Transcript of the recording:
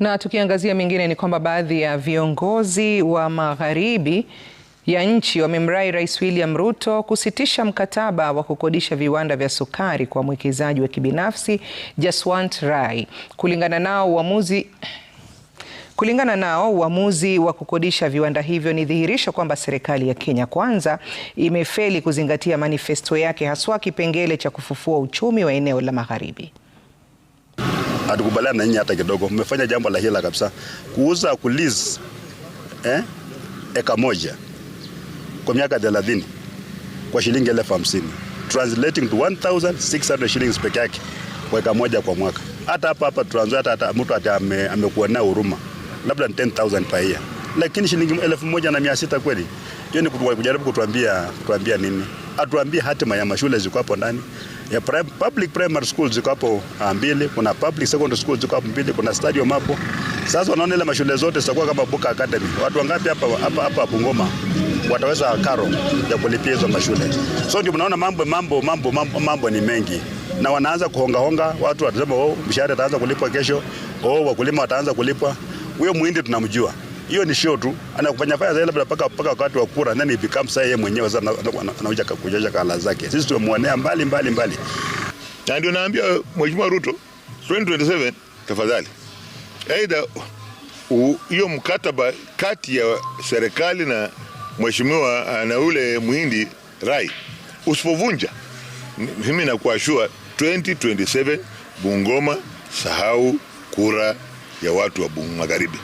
Na tukiangazia mengine ni kwamba baadhi ya viongozi wa magharibi ya nchi wamemrai Rais William Ruto kusitisha mkataba wa kukodisha viwanda vya sukari kwa mwekezaji wa kibinafsi Jaswant Rai. Kulingana nao uamuzi Kulingana nao uamuzi wa kukodisha viwanda hivyo ni dhihirisho kwamba serikali ya Kenya Kwanza imefeli kuzingatia manifesto yake haswa kipengele cha kufufua uchumi wa eneo la magharibi hatukubaliana na nyinyi hata kidogo. Mmefanya jambo la hila kabisa, kuuza kuliz eh, eka moja kwa miaka 30 kwa shilingi elfu hamsini translating to 1600 shillings peke yake kwa eka moja kwa mwaka. Hata hapa hapa Trans-Nzoia hata mtu hata amekuwa na huruma labda 10000 per year, lakini shilingi elfu moja na mia sita kweli, hiyo ni kujaribu kutuambia kutuambia nini? atuambie hatima ya mashule ziko hapo ndani ya prim, public primary school ziko hapo ah, mbili, kuna public secondary school ziko hapo mbili, kuna stadium hapo. Sasa wanaona ile mashule zote zitakuwa kama Buka Academy. Watu wangapi hapa hapa hapa Bungoma wataweza karo ya kulipia hizo mashule? So ndio mnaona mambo mambo mambo mambo ni mengi na wanaanza kuhonga honga watu, watasema oh, mshahara utaanza kulipwa kesho, oh, wakulima wataanza kulipwa. Huyo muhindi tunamjua hiyo ni show tu, anakufanya fanya labda paka paka wakati wa kura, then it becomes yeye mwenyewe sasa anaoja kujoja kala zake. Sisi tumemwonea mbali mbali mbali, na ndio naambia Mheshimiwa Ruto 2027 tafadhali, aidha hiyo mkataba kati ya serikali na mheshimiwa ah, na ule muhindi Rai usipovunja, mimi nakuashua 2027 Bungoma, sahau kura ya watu wa Magharibi.